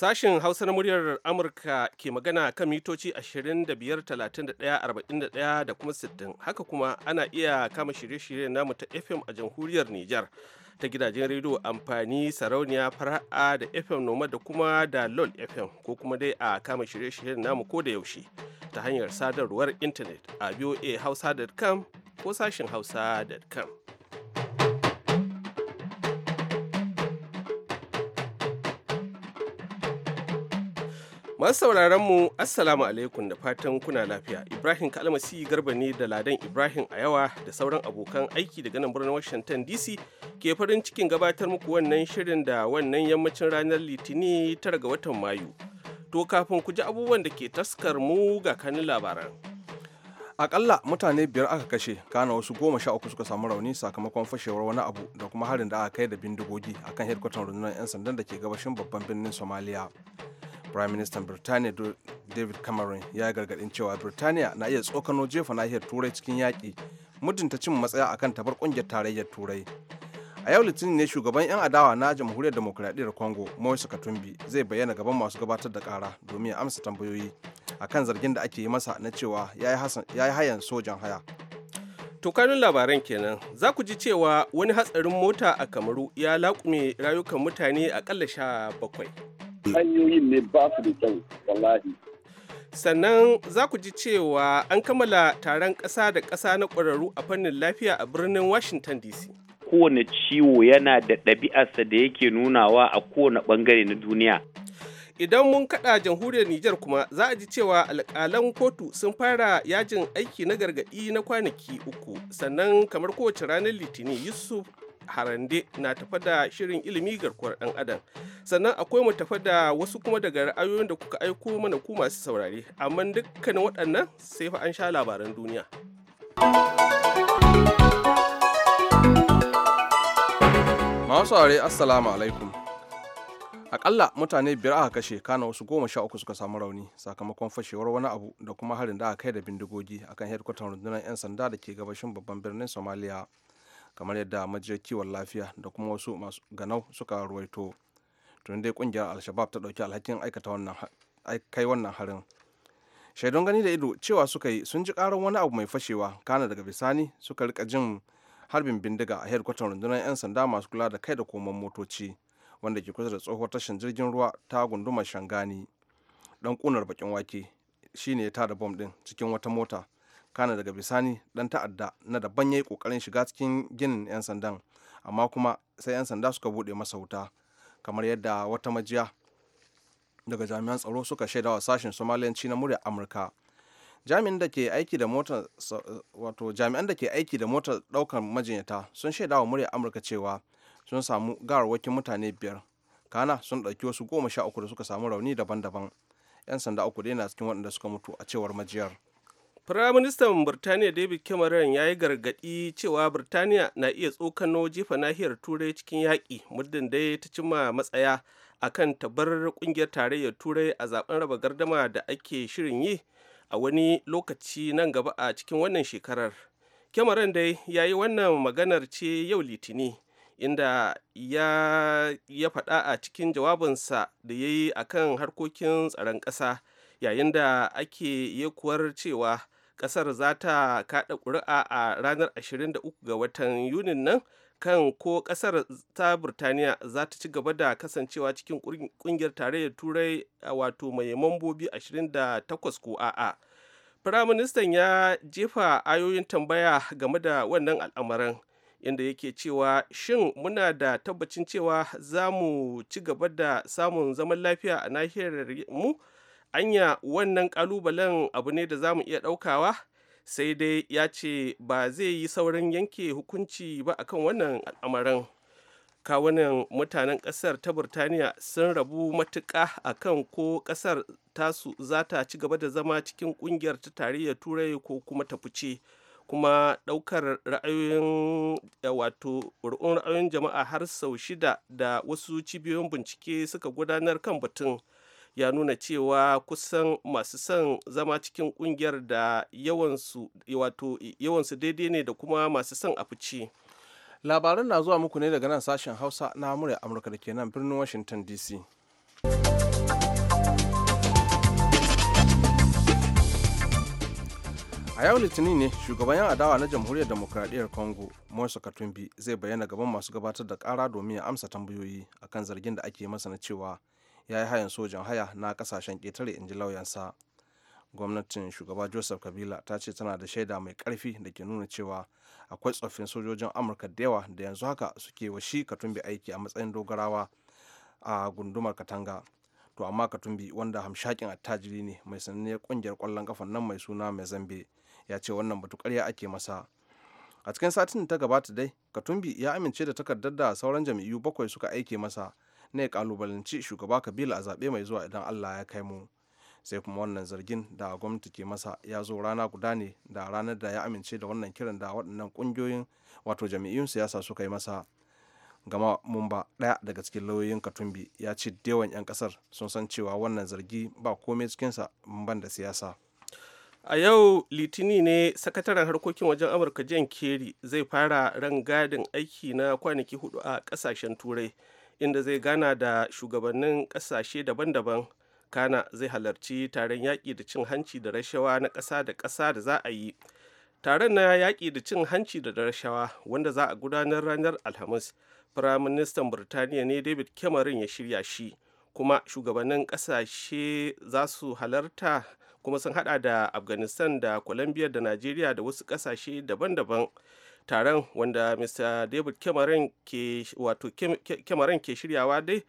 Sashen Hausa na muryar Amurka ke magana kan mitoci 25,31,41 da kuma 60. Haka kuma ana iya kama shirye-shirye namu ta FM a jamhuriyar Nijar ta gidajen rediyo amfani sarauniya fara'a da FM Noma da kuma da LOL FM ko kuma dai a kama shirye-shiryen namu ko da yaushe ta hanyar sadarwar intanet a voahausa.com ko sashen hausa.com. Masu sauraron mu Assalamu alaikum da fatan kuna lafiya. Ibrahim Kalmasi Garba ne da Ladan Ibrahim a yawa da sauran abokan aiki daga nan birnin Washington DC ke farin cikin gabatar muku wannan shirin da wannan yammacin ranar Litini tara ga watan Mayu. To kafin ku ji abubuwan da ke taskar mu ga kanin labaran. Akalla mutane biyar aka kashe, kana wasu goma sha uku suka samu rauni sakamakon fashewar wani abu da kuma harin da aka kai da bindigogi akan hedkwatan rundunar 'yan sandan da ke gabashin babban birnin somaliya. prime minister birtaniya david cameron ya yi gargadin cewa birtaniya na iya tsokano jefa nahiyar turai cikin yaƙi ta cin matsaya akan tabar kungiyar tarayyar turai a yau litinin ne shugaban 'yan adawa na jamhuriyar demokuraɗiyyar congo moise katumbi zai bayyana gaban masu gabatar da kara domin ya amsa tambayoyi akan zargin da ake yi masa na cewa ya yi hayan sojan haya tokarin labaran kenan za ku ji cewa wani hatsarin mota a kamaru ya laƙume rayukan mutane a akalla sha bakwai hanyoyin ne ba su da kyau wallahi sannan za ku ji cewa an kammala taron ƙasa da ƙasa na ƙwararru a fannin lafiya a birnin washington dc kowane ciwo yana da ɗabi'arsa da yake nunawa a kowane ɓangare na duniya idan mun kaɗa jamhuriyar Nijar kuma za a ji cewa alƙalan kotu sun fara yajin aiki na gargaɗi na kwanaki uku sannan kamar kowace ranar litinin yusuf harande na tafa da shirin ilimi garkuwar ɗan adam sannan akwai mu tafa da wasu kuma daga ra'ayoyin da kuka aiko mana ku masu saurare amma dukkanin waɗannan sai fa an sha labaran duniya masu saurare assalamu alaikum akalla mutane biyar aka kashe kana wasu goma sha uku suka samu rauni sakamakon fashewar wani abu da kuma harin da aka kai da bindigogi akan hedkwatar rundunar 'yan sanda da ke gabashin babban birnin somaliya kamar yadda majiyar kiwon lafiya da kuma wasu masu ganau suka ruwaito tun dai kungiyar alshabab ta ɗauki alhakin aikata wannan kai wannan harin shaidun gani da ido cewa suka yi sun ji karar wani abu mai fashewa kana daga bisani suka rika jin harbin bindiga a hedkwatar rundunar 'yan sanda masu kula da kai da koman motoci wanda ke kusa da tsohuwar tashin jirgin ruwa ta gundumar shangani dan kunar bakin wake shine ya tada bom din cikin wata mota kana daga bisani dan ta'adda na daban ya yi kokarin shiga cikin ginin 'yan sandan amma kuma sai 'yan sanda suka buɗe masa wuta kamar yadda wata majiya daga jami'an tsaro suka shaidawa sashen somaliyanci na murya amurka jami'an da ke aiki da motar wato daukar majinyata sun shaidawa murya amurka cewa sun samu garwakin mutane biyar kana sun ɗauki wasu goma sha uku da suka samu rauni daban-daban 'yan sanda uku dai na cikin waɗanda suka mutu a cewar majiyar Firaministan Birtaniya David Cameron ya yi gargaɗi cewa Birtaniya na iya tsokano jefa nahiyar Turai cikin yaƙi muddin dai ta cimma matsaya a kan tabar ƙungiyar tarayyar Turai a zaben raba gardama da ake shirin yi a wani lokaci nan gaba a cikin wannan shekarar. Cameron dai ya yi wannan maganar ce yau Litini inda ya, ya faɗa a cikin jawabinsa da ya yi a kan harkokin tsaron ƙasa yayin da ake yekuwar cewa kasar za ta kada kuri'a a ranar 23 ga watan yunin nan kan ko kasar ta Birtaniya za ta ci gaba da kasancewa cikin kungiyar tarayyar turai wato mai mambobi 28 ko a'a firaministan ya jefa ayoyin tambaya game da wannan al'amarin inda yake cewa shin muna da tabbacin cewa za mu ci gaba da samun zaman lafiya a nahiyar mu anya wannan kalubalen abu ne da za mu iya ɗaukawa sai dai ya ce ba zai yi saurin yanke hukunci ba akan wannan al'amarin kawunan mutanen ƙasar ta burtaniya sun rabu matuƙa kan ko ƙasar tasu za ta ci gaba da zama cikin ƙungiyar ta tarayyar turai ko kuma ta fice kuma ɗaukar ra'ayoyin eh, wato ra'ayoyin jama'a har sau shida da wasu cibiyoyin bincike suka gudanar kan batun ya nuna cewa kusan masu son zama cikin kungiyar da yawansu daidai ne da kuma masu son a fice labaran na zuwa muku ne daga nan sashen hausa na murya amurka da ke nan birnin washington dc a yau litinin ne shugaban yan adawa na jamhuriyar demokradiyyar congo moise katumbi zai bayyana gaban masu gabatar da kara domin ya amsa tambayoyi akan zargin da ake masa na cewa ya yi hayan sojan haya na kasashen ƙetare inji lauyansa gwamnatin shugaba joseph kabila ta ce tana da shaida mai ƙarfi da ke nuna cewa akwai tsoffin sojojin amurka da yawa da yanzu haka suke wa shi katumbi aiki a matsayin dogarawa a gundumar katanga to amma katumbi wanda hamshakin attajiri ne mai sananniyar kungiyar kwallon kafan nan mai suna mai zambe ya ce wannan batu karya ake masa a cikin satin ta gabata dai katumbi ya amince da takardar da sauran jam'iyyu bakwai suka aike masa na ya kalubalanci shugaba kabila a zaɓe mai zuwa idan allah ya kai mu sai kuma wannan zargin da gwamnati ke masa ya zo rana guda ne da ranar da ya amince da wannan kiran da waɗannan ƙungiyoyin wato jami'in siyasa suka yi masa gama mun ba ɗaya daga cikin lauyoyin katumbi ya ce dewan 'yan ƙasar sun san cewa wannan zargi ba komai cikinsa ban da siyasa a yau litini ne sakataren harkokin wajen amurka jan keri zai fara rangadin aiki na kwanaki hudu a ƙasashen turai inda zai gana da shugabannin kasashe daban-daban kana zai halarci taron yaƙi da cin hanci da rashawa na ƙasa da ƙasa da za a yi taron na yaƙi da cin hanci da rashawa wanda za a gudanar ranar alhamis firaministan birtaniya ne david cameron ya shirya shi kuma shugabannin ƙasashe za su halarta kuma sun hada da afghanistan da colombia da nigeria da wasu ƙasashe daban-daban taron wanda mr david cameron ke shiryawa dai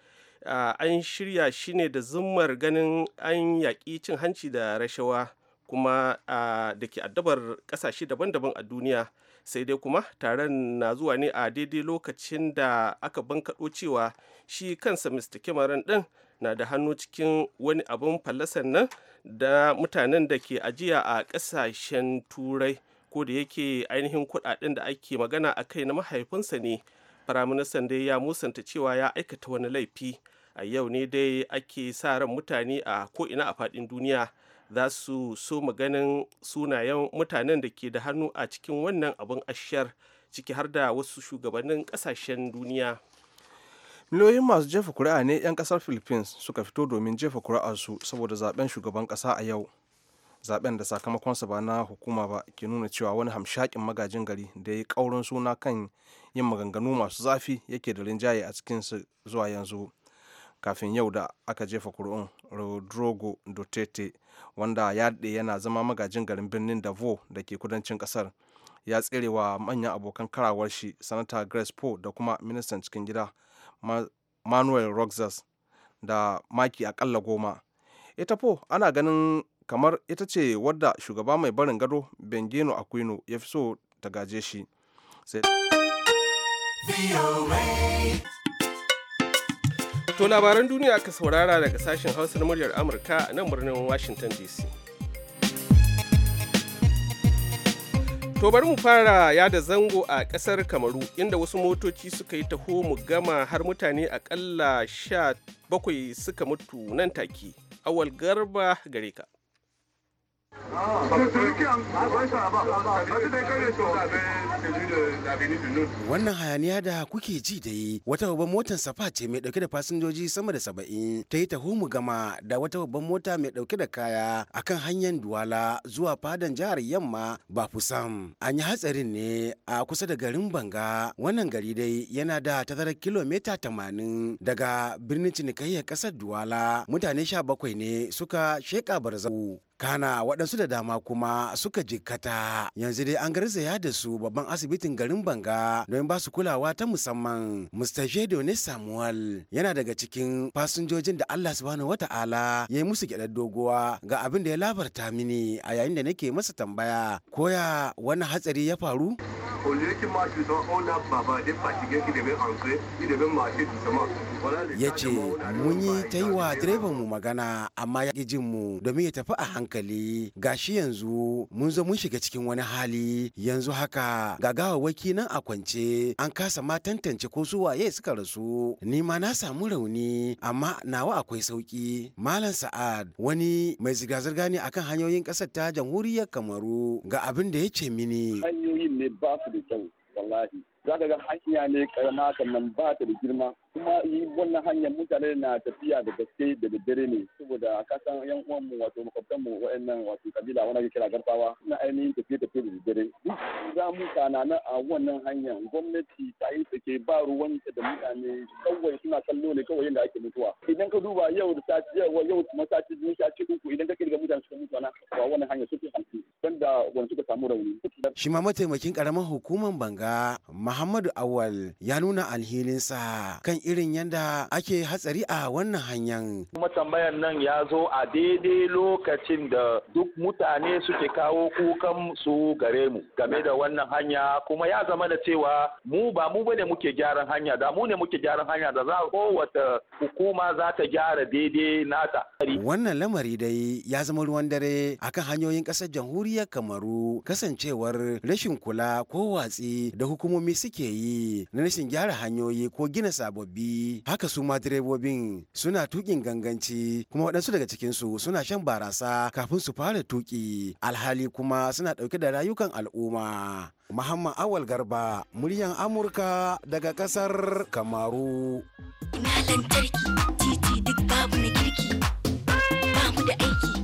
an shirya shi ne da zummar ganin an yaƙi cin hanci da rashawa kuma da ke addabar ƙasashe daban-daban a duniya sai dai kuma taron na zuwa ne a daidai lokacin da aka bankaɗo cewa shi kansa mr cameron ɗin na da hannu cikin wani abin fallasan nan da mutanen da ke ajiya a ƙasashen turai ko da yake ainihin kudaden da ake magana a kai na mahaifinsa ne firaministan dai ya musanta cewa ya aikata wani laifi a yau ne dai ake sa ran mutane a ko'ina a faɗin duniya za su so maganin sunayen mutanen da ke da hannu a cikin wannan abin ashar ciki har da wasu shugabannin kasashen duniya miliyoyin masu jefa kuri'a ne 'yan kasar philippines suka fito domin jefa su saboda zaben shugaban ƙasa a yau zaben da sakamakonsa ba na hukuma ba ke nuna cewa wani hamshakin magajin gari da ya yi ƙaurin suna kan yin maganganu masu zafi yake da rinjaye a cikinsu zuwa yanzu kafin yau da aka jefa kuri'un rodrigo duterte wanda ya daɗe yana zama magajin garin birnin vo da ke kudancin ƙasar ya tsere wa manyan abokan karawar shi sanata grace poe da kuma ministan cikin gida manuel roxas da maki akalla goma ita po ana ganin kamar ita ce wadda shugaba mai barin gado bengeno aquino ya fi so ta gaje shi to labaran duniya ka saurara daga sashen hausa na muryar amurka a nan birnin washington dc To bari mu fara yada zango a kasar Kamaru inda wasu motoci suka yi taho mu gama har mutane akalla sha bakwai suka mutu nan take. Awal garba gare ka. Wannan hayaniya da kuke ji da yi wata babban motar safa ce mai dauke da fasinjoji sama da saba'in ta yi tahumu gama da wata babban mota mai dauke da kaya akan hanyar Duwala zuwa fadan jihar Yamma ba Fusam. An yi hatsarin ne a kusa da garin Banga wannan gari dai yana da tazarar kilomita tamanin daga birnin cinikayyar kasar Duwala mutane sha bakwai ne suka sheka barzau. kana waɗansu da dama kuma suka jikkata yanzu dai an garzaya da su babban asibitin garin banga don ba su kulawa ta musamman mr jedo ne samuel yana daga cikin fasinjojin da allah subhanahu wata'ala ya yi musu gyaɗar doguwa ga abin da ya labarta mini a yayin da nake masa tambaya koya wani hatsari ya faru au lieu du temps, on a bavardé fatigué devait entrer, marcher doucement. ya ce mun yi ta yi wa direban mu magana amma ya ƙi jin mu domin ya tafi a hankali gashi yanzu mun zo mun shiga cikin wani hali yanzu haka ga gawawaki nan a kwance an kasa ma tantance ko su waye suka rasu ni ma na samu rauni amma nawa akwai sauki malam sa'ad wani mai ziga zirga ne akan hanyoyin ƙasar ta jamhuriyar kamaru ga abin da ya ce mini hanyoyin ne ba su da kyau wallahi za ka ga hanya ne karama sannan ba ta da girma kuma yi wannan hanyar mutane na tafiya da gaske da daddare ne saboda a kasan yan uwan mu wato makwabtan mu wa'annan wato kabila wanda kira garbawa suna ainihin tafiye tafiye da daddare za mu kana na a wannan hanyar gwamnati ta yi sake ba ruwan da mutane kawai suna kallo ne kawai yadda ake mutuwa idan ka duba yau da sati yau yau kuma sati biyu sati uku idan ka samu rauni. Shi ma mataimakin karamar hukumar Banga Muhammadu Awal ya nuna sa kan irin yanda ake hatsari a wannan hanyar. Kuma tambayan nan ya zo a daidai lokacin da duk mutane suke kawo kukan su gare mu game da wannan hanya kuma ya zama da cewa mu ba mu bane muke gyaran hanya da mu ne muke gyaran hanya da za kowace hukuma za ta gyara daidai nata. Wannan lamari dai ya zama ruwan dare akan hanyoyin ƙasar jamhuriyar Kamaru kasancewar rashin kula ko watsi da hukumomi suke yi na rashin gyara hanyoyi ko gina sababbi haka su ma direbobin suna tukin ganganci kuma waɗansu daga cikinsu suna shan barasa kafin su fara tuki alhali kuma suna ɗauke da rayukan al'umma Muhammad Awal Garba, muryan Amurka daga ƙasar Kamaru. Na lantarki, titi duk babu na kirki, babu da aiki.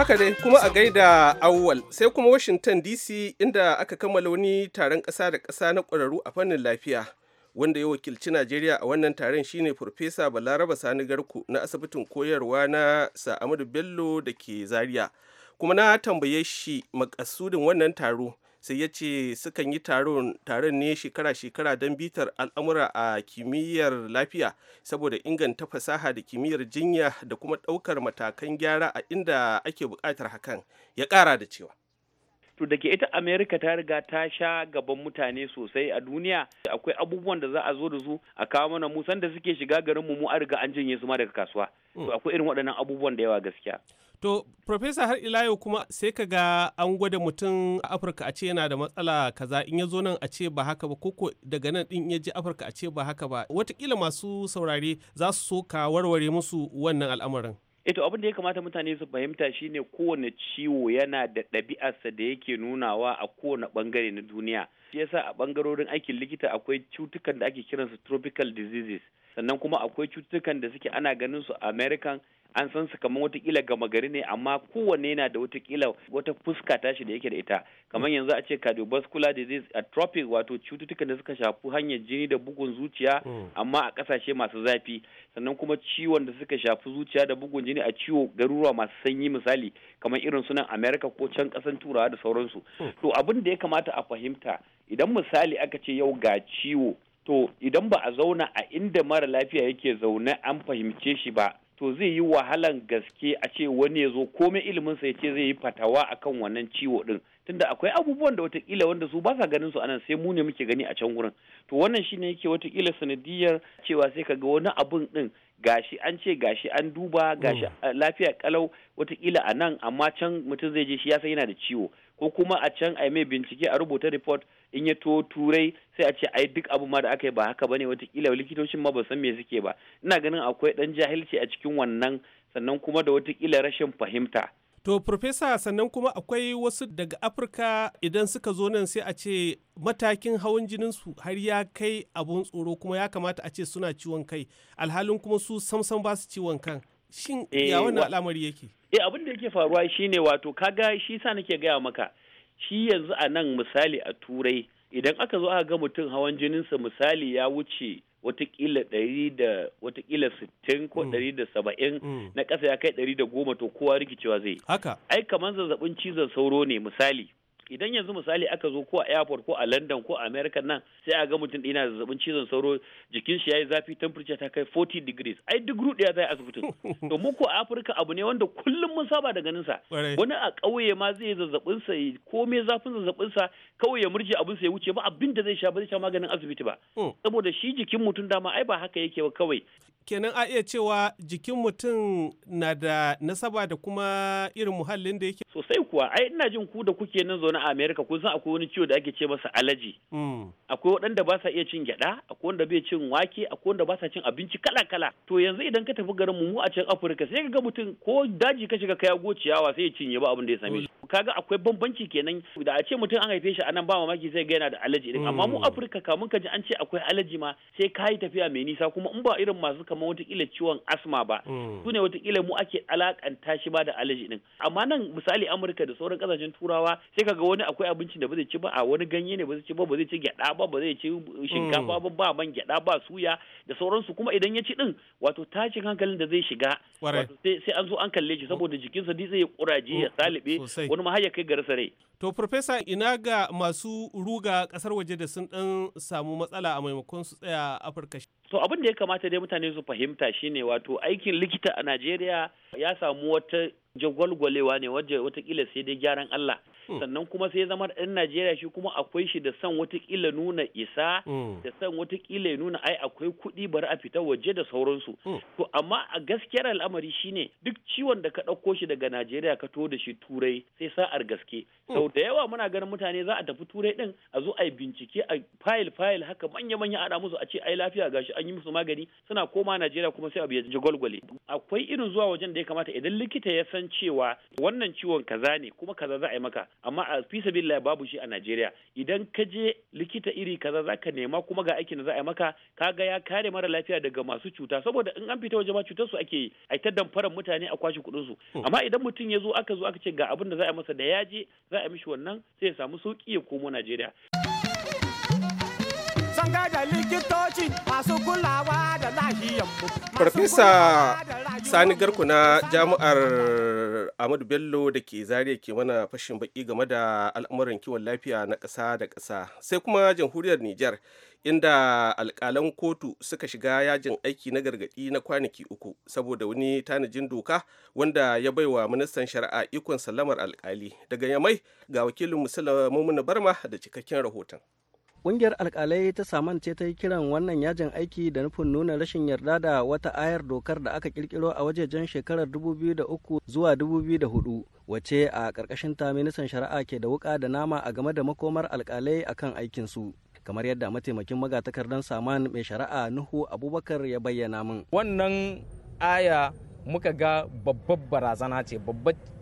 Haka dai kuma a gaida awwal sai kuma Washington DC inda aka kammala wani taron ƙasa da ƙasa na ƙwararru a fannin lafiya. Wanda ya wakilci Najeriya a wannan taron shine Farfesa Balaraba Sani Garku na asibitin koyarwa na Sa'amadu Bello da ke Zaria. Kuma na tambaye shi makasudin wannan taro sai ya ce sukan yi taron ne shekara-shekara don bitar al'amura a kimiyyar lafiya saboda inganta fasaha da kimiyyar jinya da kuma ɗaukar matakan gyara a inda ake buƙatar hakan ya ƙara da cewa to da ke ita amerika ta riga ta sha gaban mutane sosai a duniya akwai abubuwan da za a zo da su a kawo mana mu sanda suke shiga garinmu mu mu a riga an janye su ma daga kasuwa to hmm. akwai irin waɗannan abubuwan da yawa gaskiya To, Profesa har ila yau kuma sai ka ga an gwada mutum a Afirka a ce yana da matsala kaza in ya zo nan a ce ba haka ba koko daga nan din ya je Afirka a ce ba haka ba. Watakila masu saurare za su so ka warware musu wannan al'amarin. Eto eh abin da ya kamata mutane su fahimta shine kowane ciwo yana da ɗabi'arsa da yake nunawa a kowane ɓangare na duniya. Shi yasa a ɓangarorin aikin likita akwai cutukan da ake kiransu tropical diseases. Sannan kuma akwai cutukan da suke ana ganin su American an san su kamar kila gama gari ne amma kowanne yana da watakila wata fuska tashi da yake da ita kamar yanzu a ce cardiovascular disease atrophic wato cututtukan da suka shafi hanyar jini da bugun zuciya hmm. amma a kasashe masu zafi sannan kuma ciwon da suka shafi zuciya da bugun jini a ciwo garuruwa masu sanyi misali kamar irin sunan america ko can kasan turawa da sauransu hmm. to abin da ya kamata a fahimta idan misali aka ce yau ga ciwo to idan ba a zauna a inda mara lafiya yake zaune an fahimce shi ba to zai yi wahalan gaske a ce wani ya zo komai iliminsa ya ce zai yi fatawa akan wannan ciwo din tunda akwai abubuwan da watakila wanda su ba sa ganin su anan sai mu ne muke gani a can gurin to wannan shine yake watakila sanadiyar cewa sai ka ga wani abun din gashi an ce gashi an duba gashi mm. lafiya kalau watakila a nan amma can mutum zai je shi ya san yana da ciwo ko kuma a can a mai bincike a rubuta report in ya tuwo turai sai a ce ai duk abu ma da aka yi ba haka bane watakila likitocin ma ba san me suke ba ina ganin akwai dan jahilci a cikin wannan sannan kuma da watakila rashin fahimta To, Profesa, sannan kuma akwai wasu daga Afirka idan suka zo nan sai a ce matakin hawan jinin su har ya kai abun tsoro kuma ya kamata a ce suna ciwon kai, alhalin kuma su samsam ba su ciwon kan. Shin ya eh, wannan al'amari yake? Eh, abin da yake faruwa shine wato kaga shi sa nake gaya maka shi yanzu a nan misali a turai idan aka zo aka ga mutum hawan jininsa misali ya wuce watakila ɗari da watakila sittin ko mm. ɗari da saba'in mm. na ƙasa ya kai ɗari da goma to kowa rikicewa zai haka ai kamar zazzabin cizon sauro ne misali idan yanzu misali aka zo ko a airport ko a london ko a america nan sai a ga mutum ɗina zazzabin cizon sauro jikin shi ya yi zafi temperature ta kai 40 degrees ai duk ruɗe zai asibitin to mu ko afirka abu ne wanda kullum mun saba da ganin sa wani a ƙauye ma zai zazzabin sa komai zafin zazzabin sa kawai ya murje abin sa ya wuce ba abin da zai sha ba zai sha maganin asibiti ba oh. saboda shi jikin mutum dama ai ba haka yake ba kawai kenan a iya cewa jikin mutum na da nasaba da kuma irin muhallin da yake sosai kuwa ai ina jin ku da kuke nan zaune a America kun san akwai wani ciwo da ake ce masa alaji mm. akwai waɗanda ba sa iya cin gyada akwai wanda bai cin wake akwai wanda ba sa cin abinci kala kala to yanzu idan ka tafi garin mu a can Afirka sai ka ga mutum ko daji ka shiga kaya gociyawa sai ya cinye ba abin da ya same shi kaga akwai bambanci kenan da a ce mutum an haife shi anan ba mamaki sai ga yana da alaji amma mu mm. Afirka kamun ka ji an ce akwai alaji ma sai ka yi tafiya mai nisa kuma in ba irin masu kamar watakila ciwon asma ba hmm. su ne watakila mu ake alakanta shi ba da alaji din amma nan misali amurka da sauran kasashen turawa sai kaga wani akwai abincin da ba zai ci ba a wani ganye ne ba zai ci ba ba zai ci gyada ba ba zai ci shinkafa hmm. ba ba man gyada ba suya da sauransu kuma idan ya ci din wato tashin hankalin da zai shiga wato sai an zo an kalle shi saboda jikinsa dai zai kuraje ya oh, salibe wani ma har ya kai garsa rai to professor ina ga masu ruga kasar waje da sun dan samu matsala a maimakon su tsaya afirka so abin da ya kamata dai mutane su fahimta shine wato aikin likita a najeriya ya samu wata jagwalgwalewa ne wajen watakila sai dai gyaran Allah hmm. sannan kuma sai zama ɗan Najeriya shi kuma akwai shi da san watakila nuna isa hmm. da san watakila nuna ai akwai kuɗi bari a fita waje da sauransu hmm. to amma a gaskiyar al'amari shine duk ciwon da ka ɗauko shi daga Najeriya ka to da shi turai sai sa'ar gaske sau da yawa muna ganin mutane za a tafi turai ɗin a zo a yi bincike a fayil fayil haka manya manya ana musu a ce ai lafiya gashi an yi musu magani suna koma Najeriya kuma sai abu ya jagwalgwale akwai irin zuwa wajen da ya kamata idan likita ya san san cewa wannan ciwon kaza ne kuma kaza za a yi maka amma a fisa babu shi a Najeriya idan ka je likita iri kaza za ka nema kuma ga aikin da za a yi maka ga ya kare mara lafiya daga masu cuta saboda in an fita waje ma cutar su ake yi a ta damfarar mutane a kwashe kuɗin su hmm. amma idan mutum ya zo aka zo aka ce ga abin da za a yi masa da ya je za a yi mishi wannan sai ya samu sauki ya komo Najeriya. sanga Sani Garku na jami'ar Ahmadu Bello da ke zariya ke mana fashin baki game da al'amuran kiwon lafiya na ƙasa da ƙasa sai kuma jamhuriyar Nijar inda alƙalan kotu suka shiga yajin aiki na gargaɗi na kwanaki uku saboda wani tanajin doka wanda ya baiwa ministan shari'a ikon salamar alƙali daga yamai ga wakilin musulmanin barma da cikakken rahoton. Ƙungiyar alkalai ta saman ce ta yi kiran wannan yajin aiki da nufin nuna rashin yarda da wata ayar dokar da aka kirkiro a wajejen shekarar 2003 zuwa 2004 wace a ƙarƙashin ta ministan shari'a ke da wuƙa da nama a game da makomar alkalai akan aikinsu. kamar yadda mataimakin magatakardan saman mai shari'a nuhu abubakar ya bayyana min wannan aya muka ga babbar barazana ce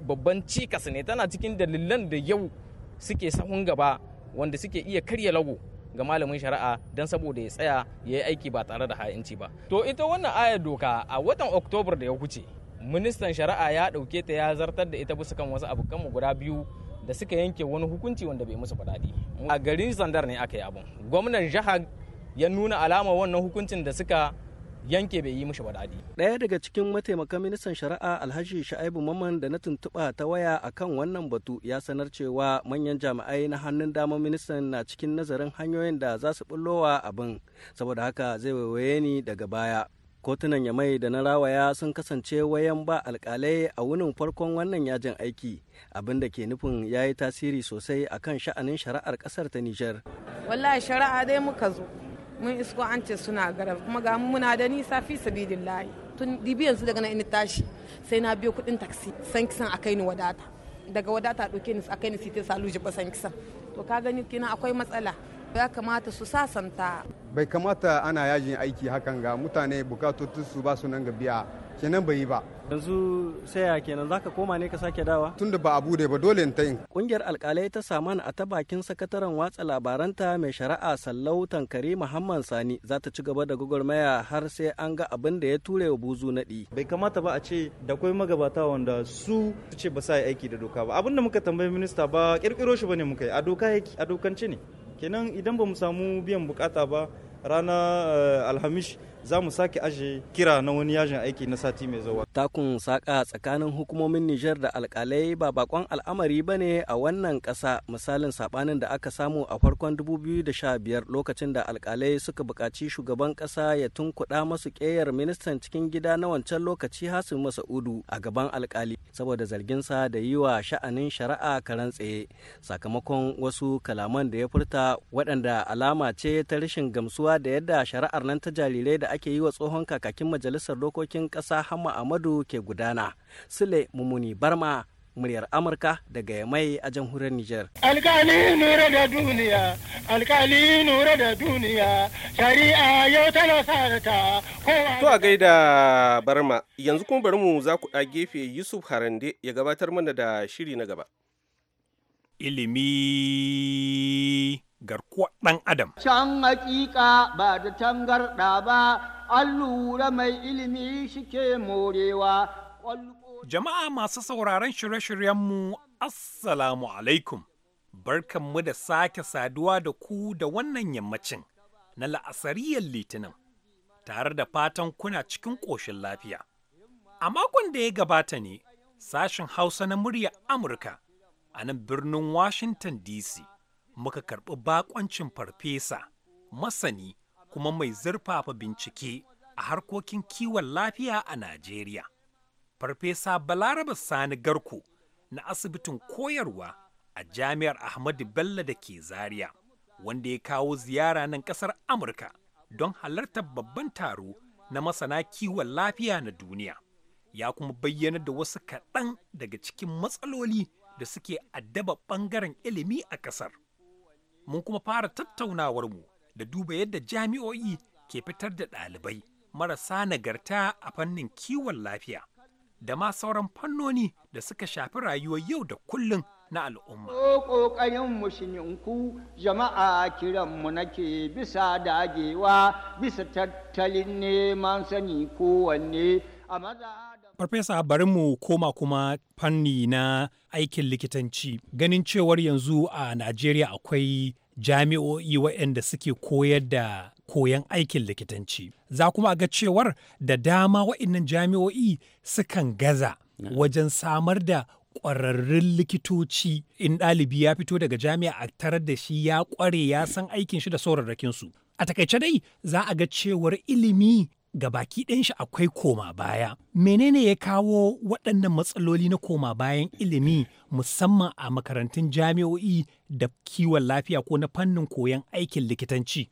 babban cikas ne tana cikin dalilan da yau suke sahun gaba wanda suke iya karya lago ga malamin shari'a don saboda ya tsaya ya yi aiki ba tare da ha'inci ba to ita wannan ayar doka a watan oktobar da ya wuce ministan shari'a ya dauke ta ya zartar da ita bisa kan wasu abokan mu guda biyu da suka yanke wani hukunci wanda bai musu fadadi a garin sandar ne aka yi abun gwamnan jihar ya nuna alama wannan hukuncin da suka yanke bai yi mishi ba daɗi. daya daga cikin mataimakan ministan shari'a Alhaji Sha'ibu Maman da na tuntuba ta waya akan wannan batu ya sanar cewa manyan jami'ai na hannun daman ministan na cikin nazarin hanyoyin da za su bullowa abin saboda haka zai waiwaye ni daga baya. Kotunan Yamai da na rawaya sun kasance wayan ba alkalai a wunin farkon wannan yajin aiki abin da ke nufin ya yi tasiri sosai akan sha'anin shari'ar kasar ta Nijar. Wallahi shari'a dai muka zo. mun isko an ce suna garab kuma ga muna da nisa fi sabidillahi tun dibi yanzu daga na ina tashi sai na biyo kuɗin taksi san kisan akai ni wadata daga wadata ɗauke ni akai ni sitin saluji ba san kisan to ka gani kina akwai matsala ya kamata su sasanta bai kamata ana yajin aiki hakan ga mutane bukatotinsu ba su nan ga biya kenan bai yi ba yanzu sai ya kenan zaka koma ne ka sake dawa tunda ba a bude ba dole in ta yin kungiyar alkalai ta saman a ta bakin sakataren watsa labaranta mai shari'a sallau tankari muhammad sani za ta ci gaba da gwagwarmaya har sai an ga abin da ya ture wa buzu naɗi bai kamata ba a ce da kwai magabata wanda su ce ba sa aiki da doka ba abin da muka tambayi minista ba kirkiro shi bane muka yi a doka yake a dokance ne kenan idan ba mu samu biyan bukata ba rana eh, alhamis za mu sake aje kira na wani yajin aiki na sati mai zuwa. Takun saka tsakanin hukumomin Nijar da alkalai ba bakon al'amari ba ne a wannan ƙasa misalin saɓanin da aka samu a farkon 2015 lokacin da alkalai suka buƙaci shugaban ƙasa ya tunkuɗa masu ƙeyar ministan cikin gida na wancan lokaci Hasim Masa'udu a gaban alkali saboda zargin sa da yi wa sha'anin shari'a karan tsaye sakamakon wasu kalaman da ya furta waɗanda alama ce ta rashin gamsuwa da yadda shari'ar nan ta jarirai da ake yi wa tsohon kakakin majalisar dokokin ƙasa hama Amadu ke gudana. Sule Mumuni Barma muryar Amurka daga Yamai a jamhuriyar Nijar. Alkali nura da duniya, alkali nura da duniya, shari'a yau tana sarata. To a gaida Barma, yanzu kuma bari mu za ku ɗa gefe Yusuf Harande ya gabatar mana da shiri na gaba. Ilimi garkuwar ɗan adam. Can hakika ba da tangarɗa ba, an lura mai ilimi shi ke morewa. Jama'a masu sauraron shirye-shiryenmu, Assalamu alaikum. Barkanmu da sake saduwa da ku da wannan yammacin na la'asariyar litinin, tare da fatan kuna cikin ƙoshin lafiya. A makon da ya gabata ne, sashen Hausa na murya Amurka a nan birnin Washington DC. muka karɓi bakoncin farfesa masani kuma mai zurfafa bincike a harkokin kiwon lafiya a Najeriya. Farfesa Balaraba Sani Garko na asibitin koyarwa a Jami'ar Ahmadu Bello da ke Zaria, wanda ya kawo ziyara nan ƙasar Amurka don halartar babban taro na masana kiwon lafiya na duniya. Ya kuma bayyana da wasu kaɗan daga cikin matsaloli da suke addaba ɓangaren ilimi a ƙasar. mun kuma fara tattaunawarmu da duba yadda jami'o'i ke fitar da ɗalibai marasa nagarta a fannin kiwon lafiya da ma sauran fannoni da suka shafi rayuwar yau da kullun na al'umma. Ƙoƙarin mushininku jama'a kiranmu nake bisa dagewa bisa tattalin neman sani kowanne a maza. Farfesa bari mu koma kuma fanni na aikin likitanci ganin cewar yanzu a Najeriya akwai jami'o'i waɗanda suke koyar da koyan aikin likitanci. Za kuma ga cewar da dama waɗannan jami'o'i sukan gaza wajen samar da ƙwararrun likitoci in ɗalibi ya fito daga jami'a a tarar da shi ya ƙware ya san aikin shi da saurarrakin su a takaice dai za a ga cewar ilimi ga baki ɗin shi akwai koma baya. Menene ya kawo waɗannan matsaloli na koma bayan ilimi musamman a makarantun jami'o'i da kiwon lafiya ko na fannin koyon aikin likitanci?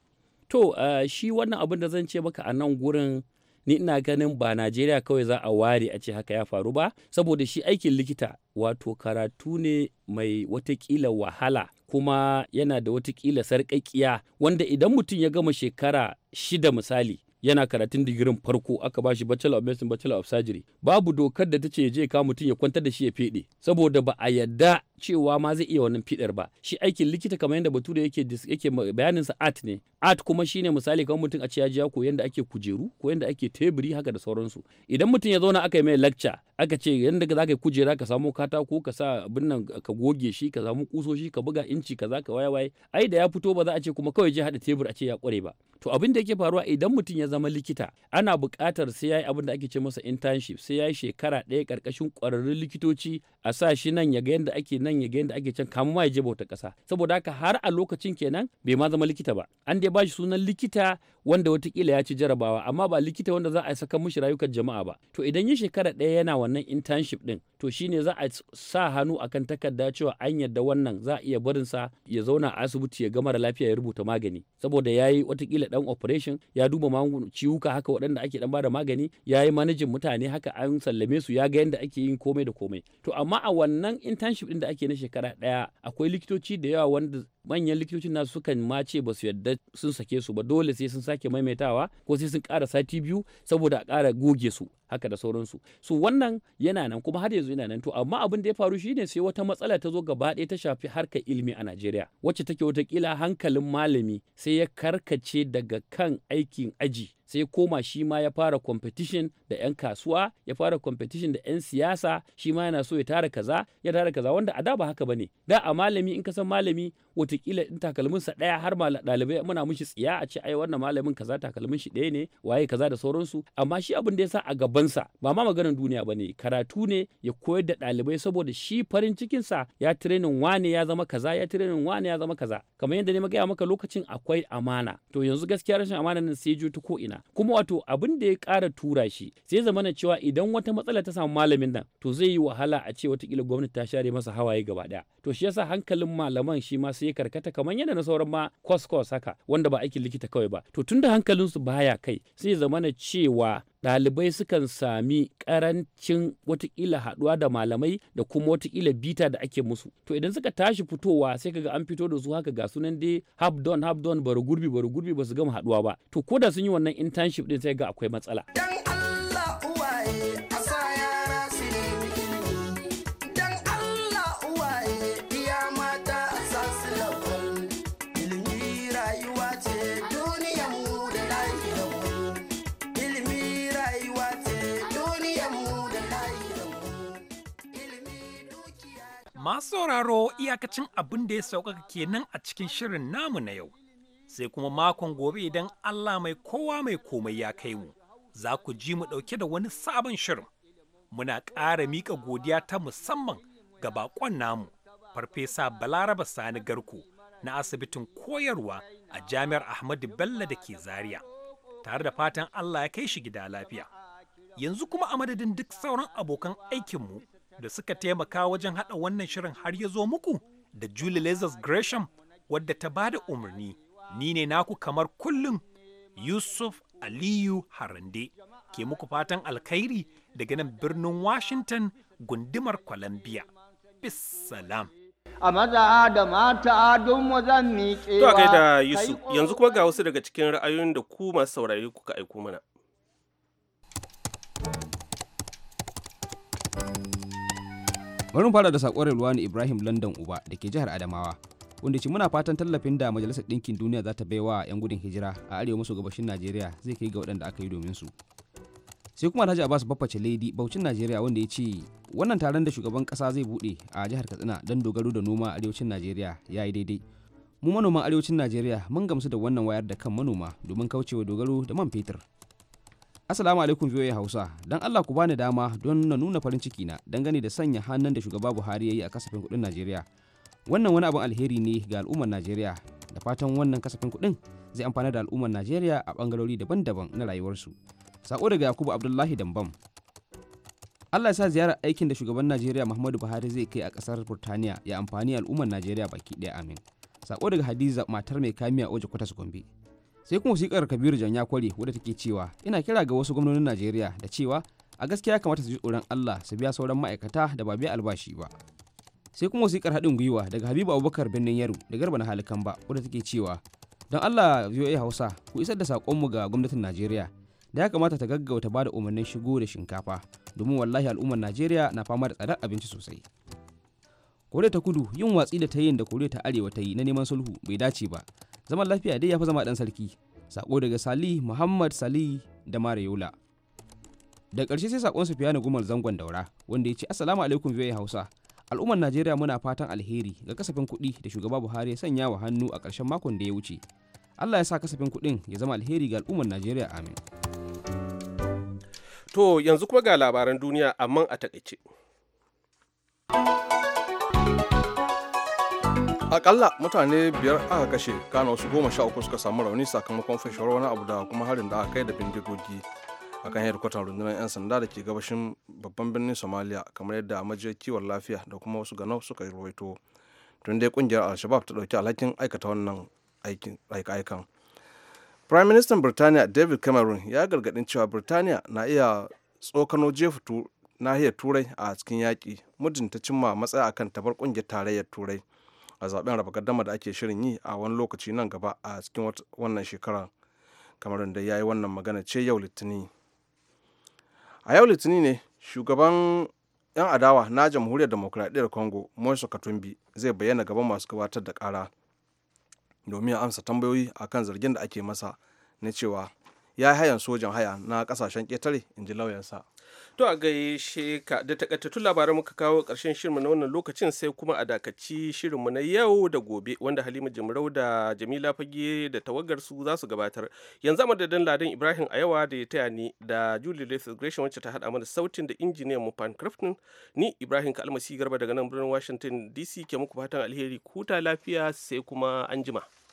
To, uh, shi wannan abin da zan ce maka a nan gurin ni ina ganin ba Najeriya kawai za a ware a ce haka ya faru ba, saboda shi aikin likita wato karatu ne mai watakila wahala kuma yana da watakila sarƙaƙiya wanda idan mutum ya gama shekara shida misali yana karatun digirin farko aka bashi bachelor of medicine bachelor of surgery babu dokar da ta ce je ka mutum ya kwantar da shi ya fede saboda ba a yadda cewa ma zai iya wannan fidar ba shi aikin likita kamar yadda bature yake yake bayanin sa art ne art kuma shine misali kamar mutum a ce ya ko yadda ake kujeru ko yanda ake teburi haka da sauransu idan mutum ya zauna aka yi mai lecture aka ce yadda za ka yi kujera ka samu katako ka sa abin nan ka goge shi ka samu kusoshi ka buga inci ka za ka waya waye ai da ya fito ba za a ce kuma kawai je hada tebur a ce ya kware ba to abin da yake faruwa idan mutum ya zama likita ana buƙatar sai yayi abin da ake ce masa internship sai yayi shekara ɗaya karkashin ƙwararrun likitoci a sa shi nan ya ga yadda ake nan ya ga yadda ake can kamuwa ya je bauta ƙasa saboda haka har a lokacin kenan bai ma zama likita ba an dai ba shi sunan likita wanda watakila ya ci jarabawa amma ba likita wanda za a saka mushi rayukan jama'a ba to idan ya shekara ɗaya yana wannan internship ɗin to shine za a sa hannu akan takarda cewa an yadda wannan za a iya sa ya zauna a asibiti ya gama da lafiya ya rubuta magani saboda yayi yi watakila dan operation ya duba magungunan ciwuka haka waɗanda ake ɗan bada magani ya yi manajin mutane haka an sallame su ya ga yadda ake yin komai da komai to amma a wannan internship ɗin da ake na shekara ɗaya akwai likitoci da yawa wanda manyan likitocin na sukan ma ce ba su yadda sun sake su ba dole sai sun sake maimaitawa ko sai sun ƙara sati biyu saboda a ƙara goge su haka da sauransu su wannan yana nan kuma har yanzu yana nan to amma abin da ya faru shine sai wata matsala ta zo gaba ɗaya ta shafi harkar ilimi a Najeriya wacce take kila hankalin malami sai ya karkace daga kan aikin aji sai koma shi ma ya fara competition da 'yan kasuwa ya fara competition da 'yan siyasa shi ma yana so ya tara kaza ya tara kaza wanda a da ba haka bane da a malami in ka san malami watakila in takalminsa ɗaya har ma ɗalibai muna mishi tsiya a ce ai wannan malamin kaza takalmin shi ɗaya ne waye kaza da sauransu amma shi abin da ya sa a gabansa ba ma maganar duniya ba ne karatu ne ya koyar da ɗalibai saboda shi farin cikinsa ya tirenin wane ya zama kaza ya tirenin wane ya zama kaza kamar yadda ne magaya maka lokacin akwai amana to yanzu gaskiya rashin amana nan sai ta ko ina kuma wato abin da ya kara tura shi sai zamana cewa idan wata matsala ta samu malamin nan to zai yi wahala a ce watakila gwamnati ta share masa hawaye gaba ɗaya to shi yasa hankalin malaman shi ma sai sai karkata kamar yadda na sauran ma kwaskwas haka wanda ba aikin likita kawai ba to tunda hankalinsu baya kai sai zamana cewa ɗalibai sukan sami karancin watakila haɗuwa da malamai da kuma watakila bita da ake musu to idan suka tashi fitowa sai kaga an fito da su haka ga sunan dai habdon habdon bari gurbi bari gurbi ba su gama haɗuwa ba to ko da sun yi wannan internship din sai ga akwai matsala Masu sauraro iyakacin abin da ya sauƙaƙa kenan a cikin shirin namu na yau, sai kuma makon gobe idan Allah mai kowa mai komai ya kai mu, za ku ji mu ɗauke da wani sabon shirin. Muna ƙara miƙa godiya ta musamman ga baƙon namu, Farfesa Balaraba Sani Garko na asibitin koyarwa a Jami'ar Ahmadu Bello da ke Zaria, tare da fatan Allah ya kai shi gida lafiya. Yanzu kuma a madadin duk sauran abokan aikinmu. da suka taimaka wajen hada wannan shirin har ya zo muku da Julie Lazarus Gresham wadda ta ba da umarni. Ni ne naku kamar kullum Yusuf Aliyu Harande ke muku fatan alkhairi daga nan birnin Washington gundumar Columbia. Bissalam. a maza da mata don mu zan miƙewa. Tuwa kai da Yusuf, yanzu kuma ga wasu daga cikin ra'ayoyin da ku masu saurari kuka aiko mana. bari mu fara da sakon Rilwani Ibrahim London Uba da ke jihar Adamawa wanda ce muna fatan tallafin da majalisar ɗinkin duniya za ta baiwa 'yan gudun hijira a arewa maso gabashin Najeriya zai kai ga waɗanda aka yi domin su. sai kuma Alhaji Abbas Bafface Lady Baucin Najeriya wanda ya ce wannan taron da shugaban ƙasa zai buɗe a jihar Katsina don dogaro da noma a arewacin Najeriya ya yi daidai. Mu manoman arewacin Najeriya mun gamsu da wannan wayar da kan manoma domin kaucewa dogaro da man fetur Assalamu alaikum biyoyi Hausa. don Allah ku bani dama don na nuna farin ciki na dangane da sanya hannun da shugaba Buhari ya yi a kasafin kuɗin Najeriya. Wannan wani abin alheri ne ga al'ummar Najeriya. Da fatan wannan kasafin kuɗin zai amfana da al'ummar Najeriya a bangarori daban-daban na rayuwarsu. Sako daga Yakubu Abdullahi Dambam. Allah ya sa ziyarar aikin da shugaban Najeriya Muhammadu Buhari zai kai a kasar Burtaniya ya amfani al'ummar Najeriya baki ɗaya amin. Sako daga Hadiza matar mai kamiya Oja Kwatas Gombe. sai kuma wasikar kabiru jan kware wadda take cewa ina kira ga wasu gwamnonin najeriya da cewa a gaskiya kamata su ji tsoron allah su biya sauran ma'aikata da ba biya albashi ba sai kuma wasikar haɗin gwiwa daga habibu abubakar birnin yaro da garba na halikan ba wadda take cewa don allah voa hausa ku isar da saƙonmu ga gwamnatin najeriya da ya kamata ta gaggauta ba da umarnin shigo da shinkafa domin wallahi al'ummar najeriya na fama da tsadar abinci sosai koriya ta kudu yin watsi da ta yin da koriya ta arewa ta yi na neman sulhu bai dace ba zaman lafiya dai ya fi zama dan sarki sako daga sali muhammad sali da mara yola da ƙarshe sai sakon na gumar zangon daura wanda ya ce assalamu alaikum biyu hausa al'ummar najeriya muna fatan alheri ga kasafin kuɗi da shugaba buhari ya sanya wa hannu a karshen makon da ya wuce allah ya sa kasafin kuɗin ya zama alheri ga al'ummar najeriya amin to yanzu kuma ga labaran duniya amma a takaice. akalla mutane biyar aka kashe kano wasu goma sha uku suka samu rauni sakamakon fashewar wani abu da kuma harin da aka kai da bindigogi a kan hedikwatar rundunar 'yan sanda da ke gabashin babban birnin somalia kamar yadda majiyar kiwon lafiya da kuma wasu ganau suka ruwaito tun dai kungiyar al-shabab ta dauki alhakin aikata wannan aikin prime minister birtaniya david cameron ya gargadin cewa birtaniya na iya tsokano jefa nahiyar turai a cikin yaƙi muddin ta cimma matsaya akan tabar kungiyar tarayyar turai a zaɓen raba da ake shirin yi a wani lokaci nan gaba a cikin wannan shekara kamar da ya yi wannan magana ce yau litinin a yau litinin ne shugaban 'yan adawa na jamhuriyar demokuraɗiyyar congo moise katumbi zai bayyana gaban masu gabatar da ƙara domin ya amsa tambayoyi akan zargin da ake masa na cewa ya yi hayan sojan haya na kasashen ƙetare in ji lauyansa To a gaishe ka da takaitattun labaran muka kawo ƙarshen shirinmu na wannan lokacin sai kuma a dakaci shirin mu na yau da gobe wanda Halima Jimrau da Jamila Fage da tawagar su za su gabatar. Yanzu da madadin Ladan Ibrahim a yawa da ya taya ni da Julie Lewis Gresham wacce ta haɗa mana sautin da injiniyan mu Pan Crafton ni Ibrahim Kalmasi Garba daga nan birnin Washington DC ke muku fatan alheri kuta lafiya sai kuma anjima.